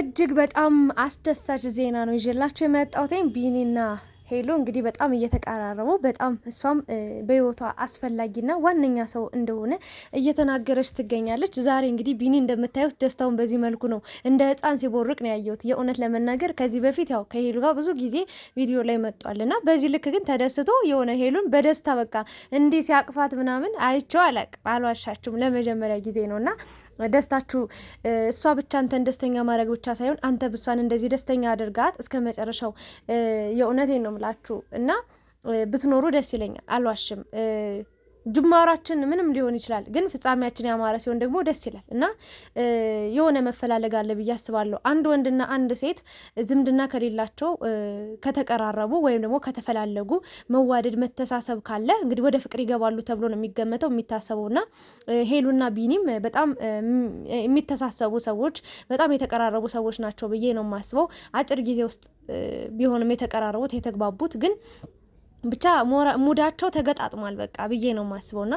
እጅግ በጣም አስደሳች ዜና ነው ይዤላቸው የመጣሁት ቢኒና ሄሎ እንግዲህ በጣም እየተቀራረቡ በጣም እሷም በህይወቷ አስፈላጊና ዋነኛ ሰው እንደሆነ እየተናገረች ትገኛለች። ዛሬ እንግዲህ ቢኒ እንደምታዩት ደስታውን በዚህ መልኩ ነው፣ እንደ ህፃን ሲቦርቅ ነው ያየሁት። የእውነት ለመናገር ከዚህ በፊት ያው ከሄሉ ጋር ብዙ ጊዜ ቪዲዮ ላይ መጧል እና በዚህ ልክ ግን ተደስቶ የሆነ ሄሉን በደስታ በቃ እንዲህ ሲያቅፋት ምናምን አይቼው አላቅ አልዋሻችሁም፣ ለመጀመሪያ ጊዜ ነው እና ደስታችሁ እሷ ብቻ አንተን ደስተኛ ማድረግ ብቻ ሳይሆን አንተ ብሷን እንደዚህ ደስተኛ አድርጋት እስከ መጨረሻው። የእውነቴን ነው ምላችሁ እና ብትኖሩ ደስ ይለኛል፣ አልዋሽም። ጅማራችን ምንም ሊሆን ይችላል፣ ግን ፍጻሜያችን ያማረ ሲሆን ደግሞ ደስ ይላል እና የሆነ መፈላለግ አለ ብዬ አስባለሁ። አንድ ወንድና አንድ ሴት ዝምድና ከሌላቸው ከተቀራረቡ ወይም ደግሞ ከተፈላለጉ መዋደድ፣ መተሳሰብ ካለ እንግዲህ ወደ ፍቅር ይገባሉ ተብሎ ነው የሚገመተው የሚታሰበው እና ሄሉና ቢኒም በጣም የሚተሳሰቡ ሰዎች፣ በጣም የተቀራረቡ ሰዎች ናቸው ብዬ ነው የማስበው። አጭር ጊዜ ውስጥ ቢሆንም የተቀራረቡት የተግባቡት ግን ብቻ ሙዳቸው ተገጣጥሟል በቃ ብዬ ነው ና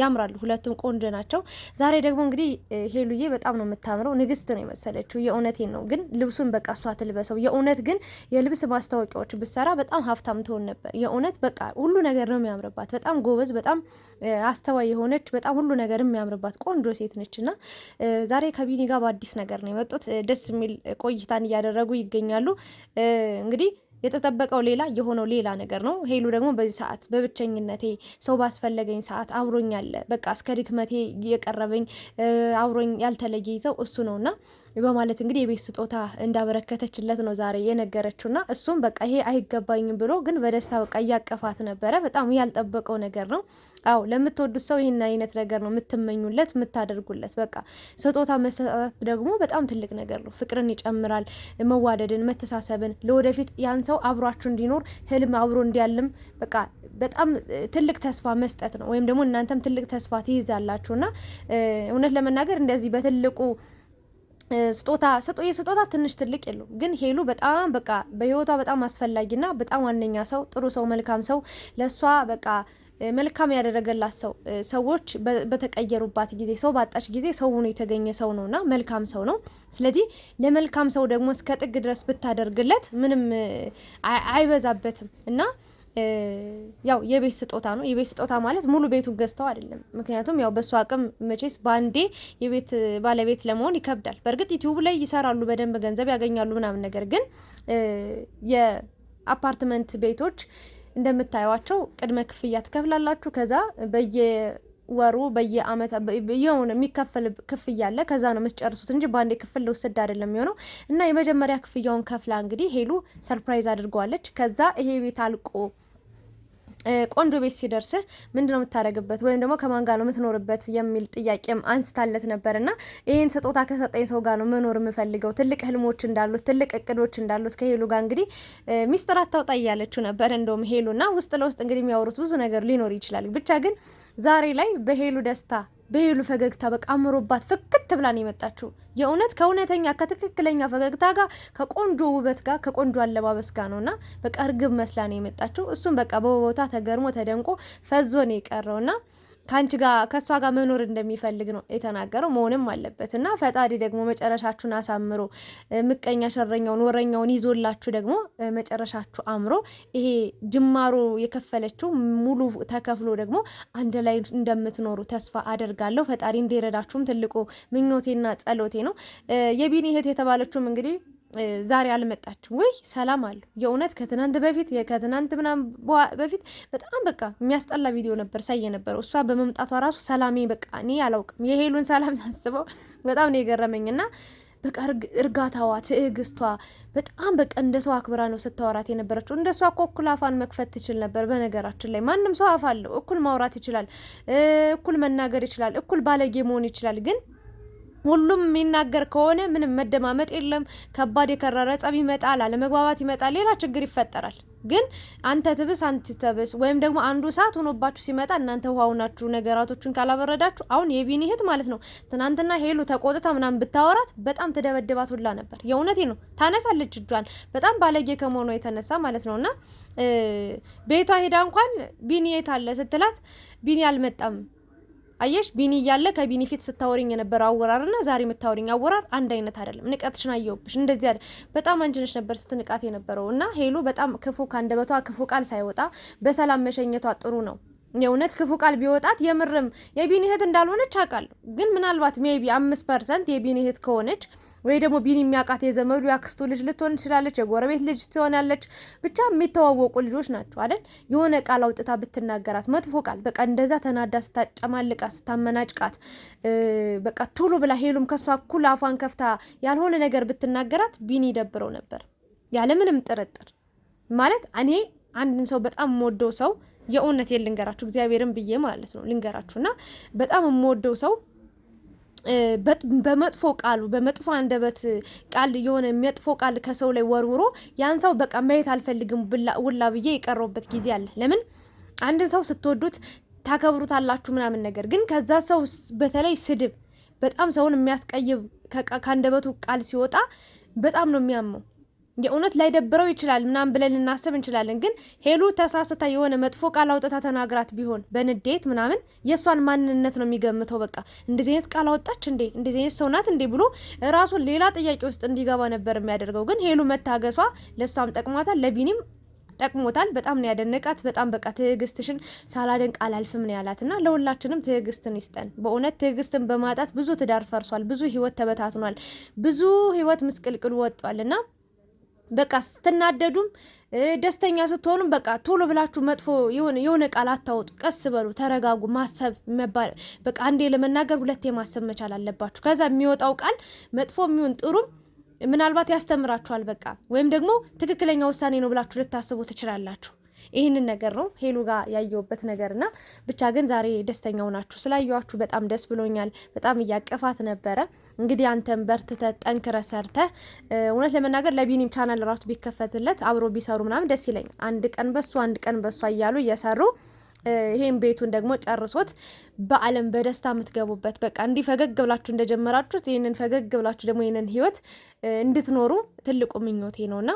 ያምራሉ። ሁለቱም ቆንጆ ናቸው። ዛሬ ደግሞ እንግዲህ ሄሉዬ በጣም ነው የምታምረው። ንግስት ነው የመሰለችው። የእውነቴን ነው ግን ልብሱን በቃ እሷ ትልበሰው። የእውነት ግን የልብስ ማስታወቂያዎች ብሰራ በጣም ሀብታም ትሆን ነበር። የእውነት በቃ ሁሉ ነገር ነው የሚያምርባት። በጣም ጎበዝ፣ በጣም አስተዋይ የሆነች በጣም ሁሉ ነገር የሚያምርባት ቆንጆ ሴት ነች። ና ዛሬ ከቢኒ ጋር በአዲስ ነገር ነው የመጡት። ደስ የሚል ቆይታን እያደረጉ ይገኛሉ እንግዲህ የተጠበቀው ሌላ የሆነው ሌላ ነገር ነው። ሄሉ ደግሞ በዚህ ሰዓት በብቸኝነቴ ሰው ባስፈለገኝ ሰዓት አብሮኝ አለ። በቃ እስከ ድክመቴ የቀረበኝ አብሮኝ ያልተለየ ይዘው እሱ ነውና በማለት እንግዲህ የቤት ስጦታ እንዳበረከተችለት ነው ዛሬ የነገረችውና እሱም በቃ ይሄ አይገባኝም ብሎ ግን በደስታ በቃ እያቀፋት ነበረ። በጣም ያልጠበቀው ነገር ነው። አዎ ለምትወዱት ሰው ይህን አይነት ነገር ነው የምትመኙለት፣ የምታደርጉለት። በቃ ስጦታ መሰጣት ደግሞ በጣም ትልቅ ነገር ነው። ፍቅርን ይጨምራል፣ መዋደድን፣ መተሳሰብን ለወደፊት ያን ሰው ሰው አብሯችሁ እንዲኖር ህልም አብሮ እንዲያልም በቃ በጣም ትልቅ ተስፋ መስጠት ነው። ወይም ደግሞ እናንተም ትልቅ ተስፋ ትይዛላችሁና እውነት ለመናገር እንደዚህ በትልቁ ስጦታ የስጦታ ትንሽ ትልቅ የለው ግን ሄሉ በጣም በቃ በህይወቷ በጣም አስፈላጊና በጣም ዋነኛ ሰው ጥሩ ሰው መልካም ሰው ለእሷ በቃ መልካም ያደረገላት ሰው ሰዎች በተቀየሩባት ጊዜ ሰው ባጣች ጊዜ ሰው ሆኖ የተገኘ ሰው ነውና መልካም ሰው ነው። ስለዚህ ለመልካም ሰው ደግሞ እስከ ጥግ ድረስ ብታደርግለት ምንም አይበዛበትም እና ያው የቤት ስጦታ ነው። የቤት ስጦታ ማለት ሙሉ ቤቱን ገዝተው አይደለም። ምክንያቱም ያው በእሱ አቅም መቼስ በአንዴ የቤት ባለቤት ለመሆን ይከብዳል። በእርግጥ ዩቲዩብ ላይ ይሰራሉ፣ በደንብ ገንዘብ ያገኛሉ ምናምን። ነገር ግን የአፓርትመንት ቤቶች እንደምታዩቸው ቅድመ ክፍያ ትከፍላላችሁ። ከዛ በየወሩ በየአመት የሆነ የሚከፈል ክፍያ አለ። ከዛ ነው የምትጨርሱት እንጂ በአንዴ ክፍል ልውስድ አይደለም የሚሆነው እና የመጀመሪያ ክፍያውን ከፍላ እንግዲህ ሄሉ ሰርፕራይዝ አድርገዋለች። ከዛ ይሄ ቤት አልቆ ቆንጆ ቤት ሲደርስ ምንድነው የምታደርግበት ወይም ደግሞ ከማን ጋር ነው የምትኖርበት የሚል ጥያቄም አንስታለት ነበር እና ይህን ስጦታ ከሰጠኝ ሰው ጋር ነው መኖር የምፈልገው፣ ትልቅ ህልሞች እንዳሉት ትልቅ እቅዶች እንዳሉት ከሄሉ ጋር እንግዲህ ሚስጥር አታውጣ እያለችው ነበር። እንደውም ሄሉ እና ውስጥ ለውስጥ እንግዲህ የሚያወሩት ብዙ ነገር ሊኖር ይችላል። ብቻ ግን ዛሬ ላይ በሄሉ ደስታ በሌሉ ፈገግታ በቃ አምሮባት ፍክት ብላ ነው የመጣችው። የእውነት ከእውነተኛ ከትክክለኛ ፈገግታ ጋር ከቆንጆ ውበት ጋር ከቆንጆ አለባበስ ጋር ነውና በቃ እርግብ መስላ ነው የመጣችው። እሱም በቃ በቦታ ተገርሞ ተደንቆ ፈዞ ነው የቀረውና ከአንቺ ጋር ከእሷ ጋር መኖር እንደሚፈልግ ነው የተናገረው። መሆንም አለበት እና ፈጣሪ ደግሞ መጨረሻችሁን አሳምሮ ምቀኛ ሸረኛውን ወረኛውን ይዞላችሁ ደግሞ መጨረሻችሁ አምሮ ይሄ ጅማሮ የከፈለችው ሙሉ ተከፍሎ ደግሞ አንድ ላይ እንደምትኖሩ ተስፋ አደርጋለሁ። ፈጣሪ እንዲረዳችሁም ትልቁ ምኞቴና ጸሎቴ ነው። የቢኒ እህት የተባለችውም እንግዲህ ዛሬ አልመጣች ወይ ሰላም አለው። የእውነት ከትናንት በፊት ከትናንት ምናምን በፊት በጣም በቃ የሚያስጠላ ቪዲዮ ነበር ሳየ ነበረው። እሷ በመምጣቷ ራሱ ሰላሜ በቃ እኔ አላውቅም። የሄሉን ሰላም ሳስበው በጣም ነው የገረመኝ እና በቃ እርጋታዋ፣ ትዕግስቷ በጣም በቃ እንደ ሰው አክብራ ነው ስታወራት የነበረችው። እንደ ሷ እኮ እኩል አፋን መክፈት ትችል ነበር። በነገራችን ላይ ማንም ሰው አፍ አለው፣ እኩል ማውራት ይችላል፣ እኩል መናገር ይችላል፣ እኩል ባለጌ መሆን ይችላል ግን ሁሉም የሚናገር ከሆነ ምንም መደማመጥ የለም። ከባድ የከረረ ጸብ ይመጣል፣ አለመግባባት ይመጣል፣ ሌላ ችግር ይፈጠራል። ግን አንተ ትብስ አንቺ ተብስ ወይም ደግሞ አንዱ ሰዓት ሆኖባችሁ ሲመጣ እናንተ ውሃ ነገራቶችን ካላበረዳችሁ፣ አሁን የቢኒ እህት ማለት ነው ትናንትና ሄሉ ተቆጥታ ምናምን ብታወራት በጣም ትደበድባት ሁላ ነበር። የእውነቴ ነው ታነሳለች እጇን፣ በጣም ባለጌ ከመሆኗ የተነሳ ማለት ነው። እና ቤቷ ሄዳ እንኳን ቢኒ የት አለ ስትላት ቢኒ አልመጣም አየሽ ቢኒ እያለ ከቢኒ ፊት ስታወሪኝ የነበረው አወራር እና ዛሬ የምታወሪኝ አወራር አንድ አይነት አይደለም። ንቀትሽን አየሁብሽ። እንደዚህ አይደል በጣም አንችነሽ ነበር ስትንቃት የነበረው እና ሄሉ በጣም ክፉ ከአንደበቷ ክፉ ቃል ሳይወጣ በሰላም መሸኘቷ ጥሩ ነው። የእውነት ክፉ ቃል ቢወጣት የምርም የቢኒ እህት እንዳልሆነች አውቃለሁ። ግን ምናልባት ሜቢ አምስት ፐርሰንት የቢኒ እህት ከሆነች ወይ ደግሞ ቢኒ የሚያውቃት የዘመዱ ያክስቱ ልጅ ልትሆን ትችላለች፣ የጎረቤት ልጅ ትሆናለች። ብቻ የሚተዋወቁ ልጆች ናቸው አይደል? የሆነ ቃል አውጥታ ብትናገራት መጥፎ ቃል በቃ እንደዛ ተናዳ ስታጨማልቃት፣ ስታመናጭቃት በቃ ቶሎ ብላ ሄሉም ከሷ እኩል አፏን ከፍታ ያልሆነ ነገር ብትናገራት ቢኒ ይደብረው ነበር ያለምንም ጥርጥር። ማለት እኔ አንድን ሰው በጣም የምወደው ሰው የእውነት ልንገራችሁ እግዚአብሔርን ብዬ ማለት ነው ልንገራችሁ እና በጣም የምወደው ሰው በመጥፎ ቃሉ በመጥፎ አንደበት ቃል የሆነ መጥፎ ቃል ከሰው ላይ ወርውሮ ያን ሰው በቃ ማየት አልፈልግም ውላ ብዬ የቀረውበት ጊዜ አለ። ለምን አንድን ሰው ስትወዱት ታከብሩታላችሁ ምናምን፣ ነገር ግን ከዛ ሰው በተለይ ስድብ በጣም ሰውን የሚያስቀይብ ከአንደበቱ ቃል ሲወጣ በጣም ነው የሚያመው። የእውነት ላይደብረው ይችላል ምናምን ብለን ልናስብ እንችላለን። ግን ሄሉ ተሳስታ የሆነ መጥፎ ቃል አውጥታ ተናግራት ቢሆን በንዴት ምናምን የእሷን ማንነት ነው የሚገምተው። በቃ እንደዚህ አይነት ቃል አወጣች እንዴ እንደዚህ አይነት ሰው ናት እንዴ ብሎ ራሱን ሌላ ጥያቄ ውስጥ እንዲገባ ነበር የሚያደርገው። ግን ሄሉ መታገሷ ለእሷም ጠቅሟታል፣ ለቢኒም ጠቅሞታል። በጣም ነው ያደነቃት። በጣም በቃ ትዕግስትሽን ሳላደንቅ አላልፍም ነው ያላት እና ለሁላችንም ትዕግስትን ይስጠን። በእውነት ትዕግስትን በማጣት ብዙ ትዳር ፈርሷል፣ ብዙ ህይወት ተበታትኗል፣ ብዙ ህይወት ምስቅልቅል ወጧል እና በቃ ስትናደዱም ደስተኛ ስትሆኑም በቃ ቶሎ ብላችሁ መጥፎ የሆነ ቃል አታወጡ። ቀስ በሉ፣ ተረጋጉ። ማሰብ መባል በቃ አንዴ ለመናገር ሁለቴ ማሰብ መቻል አለባችሁ። ከዛ የሚወጣው ቃል መጥፎ የሚሆን ጥሩም ምናልባት ያስተምራችኋል። በቃ ወይም ደግሞ ትክክለኛ ውሳኔ ነው ብላችሁ ልታስቡ ትችላላችሁ። ይህንን ነገር ነው ሄሉ ጋር ነገር ና ብቻ ግን ዛሬ ደስተኛው ናችሁ ስላየዋችሁ በጣም ደስ ብሎኛል። በጣም እያቀፋት ነበረ። እንግዲህ አንተም በርትተ ጠንክረ ሰርተ እውነት ለመናገር ለቢኒም ቻናል ራሱ ቢከፈትለት አብሮ ቢሰሩ ምናምን ደስ ይለኛል። አንድ ቀን በሱ አንድ ቀን በሷ እያሉ እየሰሩ ይሄን ቤቱን ደግሞ ጨርሶት በአለም በደስታ የምትገቡበት በቃ እንዲህ ፈገግ ብላችሁ እንደጀመራችሁት ይህንን ፈገግ ብላችሁ ደግሞ ይህንን ህይወት እንድትኖሩ ትልቁ ምኞቴ ነውና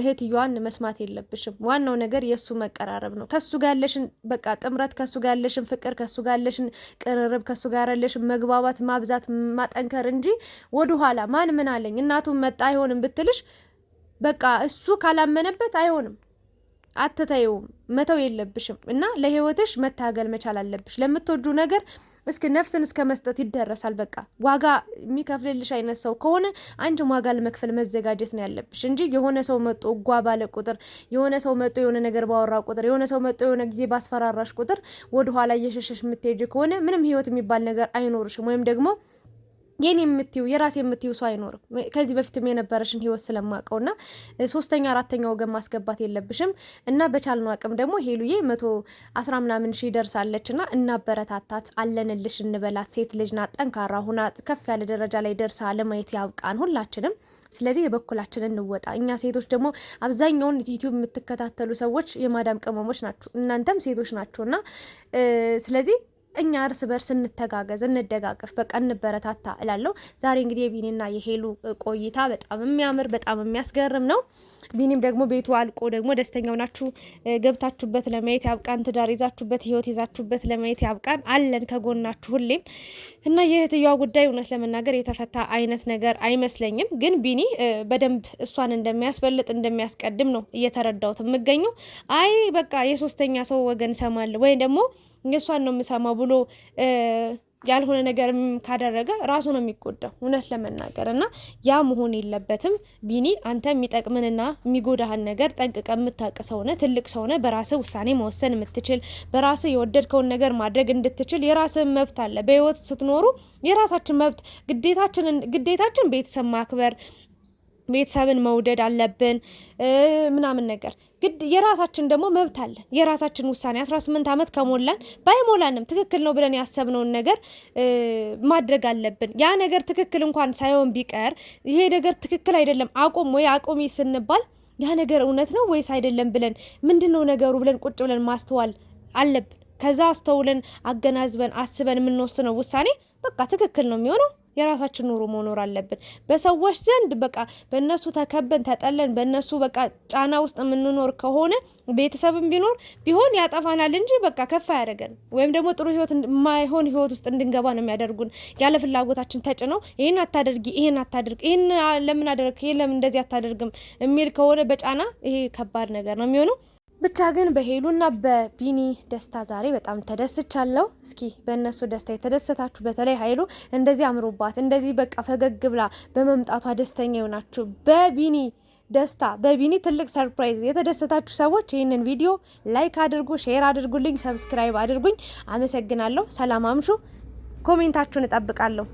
እህትየዋን መስማት የለብሽም። ዋናው ነገር የእሱ መቀራረብ ነው። ከሱ ጋር ያለሽን በቃ ጥምረት፣ ከሱ ጋር ያለሽን ፍቅር፣ ከሱ ጋር ያለሽን ቅርርብ፣ ከሱ ጋር ያለሽን መግባባት ማብዛት፣ ማጠንከር እንጂ ወደኋላ ማን ምን አለኝ እናቱ መጣ አይሆንም ብትልሽ በቃ እሱ ካላመነበት አይሆንም። አትተይውም፣ መተው የለብሽም እና ለህይወትሽ መታገል መቻል አለብሽ። ለምትወዱ ነገር እስኪ ነፍስን እስከ መስጠት ይደረሳል። በቃ ዋጋ የሚከፍልልሽ አይነት ሰው ከሆነ አንድም ዋጋ ለመክፈል መዘጋጀት ነው ያለብሽ እንጂ የሆነ ሰው መጦ እጓ ባለ ቁጥር፣ የሆነ ሰው መጦ የሆነ ነገር ባወራ ቁጥር፣ የሆነ ሰው መጦ የሆነ ጊዜ ባስፈራራሽ ቁጥር ወደኋላ እየሸሸሽ የምትሄጅ ከሆነ ምንም ህይወት የሚባል ነገር አይኖርሽም ወይም ደግሞ የኔ የምትዩ የራሴ የምትዩ ሰው አይኖርም። ከዚህ በፊትም የነበረሽን ህይወት ስለማውቀው እና ሶስተኛ አራተኛ ወገን ማስገባት የለብሽም እና በቻልነው አቅም ደግሞ ሄሉዬ መቶ አስራ ምናምን ሺ ደርሳለች እና እናበረታታት፣ አለንልሽ እንበላት። ሴት ልጅ ናት፣ ጠንካራ ሁና ከፍ ያለ ደረጃ ላይ ደርሳ ለማየት ያብቃን ሁላችንም። ስለዚህ የበኩላችን እንወጣ። እኛ ሴቶች ደግሞ አብዛኛውን ዩቲዩብ የምትከታተሉ ሰዎች የማዳም ቅመሞች ናችሁ፣ እናንተም ሴቶች ናችሁ እና ስለዚህ እኛ እርስ በርስ እንተጋገዝ፣ እንደጋገፍ፣ በቃ እንበረታታ እላለሁ። ዛሬ እንግዲህ የቢኒና የሄሉ ቆይታ በጣም የሚያምር በጣም የሚያስገርም ነው። ቢኒም ደግሞ ቤቱ አልቆ ደግሞ ደስተኛው ናችሁ ገብታችሁበት ለማየት ያብቃን። ትዳር ይዛችሁበት ህይወት ይዛችሁበት ለማየት ያብቃን። አለን ከጎናችሁ ሁሌም እና የእህትየዋ ጉዳይ እውነት ለመናገር የተፈታ አይነት ነገር አይመስለኝም። ግን ቢኒ በደንብ እሷን እንደሚያስበልጥ እንደሚያስቀድም ነው እየተረዳሁት የምገኘው። አይ በቃ የሶስተኛ ሰው ወገን ሰማለ ወይም ደግሞ የእሷን ነው የምሰማው ብሎ ያልሆነ ነገር ካደረገ ራሱ ነው የሚጎዳው፣ እውነት ለመናገር እና ያ መሆን የለበትም። ቢኒ አንተ የሚጠቅምንና የሚጎዳህን ነገር ጠንቅቀ የምታቅ ሰውነ ትልቅ ሰውነ በራስ ውሳኔ መወሰን የምትችል በራስ የወደድከውን ነገር ማድረግ እንድትችል የራስን መብት አለ። በህይወት ስትኖሩ የራሳችን መብት ግዴታችን ቤተሰብ ማክበር ቤተሰብን መውደድ አለብን ምናምን ነገር ግድ የራሳችን ደግሞ መብት አለን። የራሳችን ውሳኔ 18 ዓመት ከሞላን ባይሞላንም ትክክል ነው ብለን ያሰብነውን ነገር ማድረግ አለብን። ያ ነገር ትክክል እንኳን ሳይሆን ቢቀር ይሄ ነገር ትክክል አይደለም አቁም ወይ አቁሚ ስንባል ያ ነገር እውነት ነው ወይስ አይደለም ብለን ምንድን ነው ነገሩ ብለን ቁጭ ብለን ማስተዋል አለብን። ከዛ አስተውለን አገናዝበን አስበን የምንወስነው ውሳኔ በቃ ትክክል ነው የሚሆነው የራሳችን ኑሮ መኖር አለብን። በሰዎች ዘንድ በቃ በእነሱ ተከበን ተጠለን በእነሱ በቃ ጫና ውስጥ የምንኖር ከሆነ ቤተሰብም ቢኖር ቢሆን ያጠፋናል እንጂ በቃ ከፍ አያደርገን ወይም ደግሞ ጥሩ ህይወት የማይሆን ህይወት ውስጥ እንድንገባ ነው የሚያደርጉን። ያለ ፍላጎታችን ተጭነው ይህን አታደርጊ፣ ይህን አታደርግ፣ ይህን ለምን አደረግ፣ ይህን ለምን እንደዚህ አታደርግም የሚል ከሆነ በጫና ይሄ ከባድ ነገር ነው የሚሆነው። ብቻ ግን በሄሉና በቢኒ ደስታ ዛሬ በጣም ተደስቻለሁ። እስኪ በእነሱ ደስታ የተደሰታችሁ በተለይ ሀይሉ እንደዚህ አምሮባት እንደዚህ በቃ ፈገግ ብላ በመምጣቷ ደስተኛ የሆናችሁ በቢኒ ደስታ በቢኒ ትልቅ ሰርፕራይዝ የተደሰታችሁ ሰዎች ይህንን ቪዲዮ ላይክ አድርጉ፣ ሼር አድርጉልኝ፣ ሰብስክራይብ አድርጉኝ። አመሰግናለሁ። ሰላም አምሹ። ኮሜንታችሁን እጠብቃለሁ።